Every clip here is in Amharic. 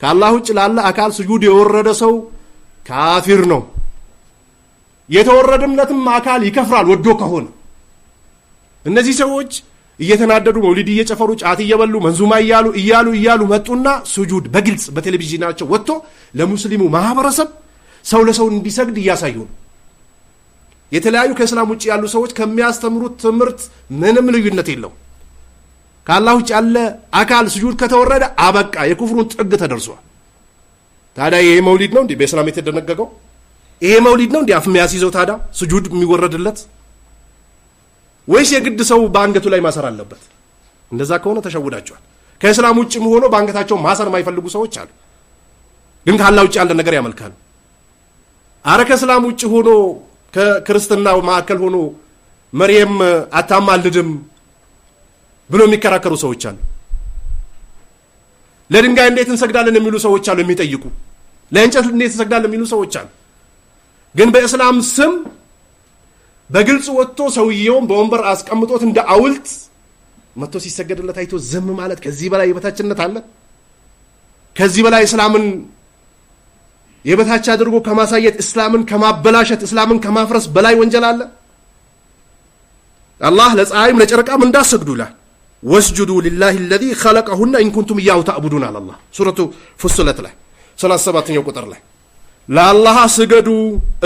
ከአላህ ውጭ ላለ አካል ስጁድ የወረደ ሰው ካፊር ነው። የተወረደምለትም አካል ይከፍራል ወዶ ከሆነ። እነዚህ ሰዎች እየተናደዱ መውሊድ እየጨፈሩ ጫት እየበሉ መንዙማ እያሉ እያሉ እያሉ መጡና ስጁድ በግልጽ በቴሌቪዥናቸው ወጥቶ ለሙስሊሙ ማህበረሰብ ሰው ለሰው እንዲሰግድ እያሳዩ ነው። የተለያዩ ከእስላም ውጭ ያሉ ሰዎች ከሚያስተምሩት ትምህርት ምንም ልዩነት የለው። ከአላህ ውጭ ያለ አካል ስጁድ ከተወረደ አበቃ፣ የኩፍሩን ጥግ ተደርሷል። ታዲያ ይሄ መውሊድ ነው እንዴ? በእስላም የተደነገገው ይሄ መውሊድ ነው እንዴ? አፍ የሚያስይዘው ታዲያ ስጁድ የሚወረድለት ወይስ የግድ ሰው በአንገቱ ላይ ማሰር አለበት? እንደዛ ከሆነ ተሸውዳቸዋል። ከእስላም ውጭም ሆኖ በአንገታቸው ማሰር የማይፈልጉ ሰዎች አሉ፣ ግን ከአላህ ውጭ ያለ ነገር ያመልካሉ። አረ ከእስላም ውጭ ሆኖ ከክርስትና መካከል ሆኖ መርየም አታማልድም ብሎ የሚከራከሩ ሰዎች አሉ። ለድንጋይ እንዴት እንሰግዳለን የሚሉ ሰዎች አሉ፣ የሚጠይቁ ለእንጨት እንዴት እንሰግዳለን የሚሉ ሰዎች አሉ። ግን በእስላም ስም በግልጽ ወጥቶ ሰውየውን በወንበር አስቀምጦት እንደ አውልት መጥቶ ሲሰገድለት አይቶ ዝም ማለት ከዚህ በላይ የበታችነት አለ? ከዚህ በላይ እስላምን የበታች አድርጎ ከማሳየት እስላምን ከማበላሸት እስላምን ከማፍረስ በላይ ወንጀል አለ? አላህ ለፀሐይም ለጨረቃም እንዳሰግዱ ይላል። ወስጁዱ ሊላህ ለዚ ኸለቀሁና ኢንኩንቱም እያሁ ተዕቡዱን አለ አላህ ሱረቱ ፉስለት ላይ ሰላሳ ሰባተኛው ቁጥር ላይ ለአላሃ ስገዱ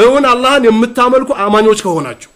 እውን አላህን የምታመልኩ አማኞች ከሆናችሁ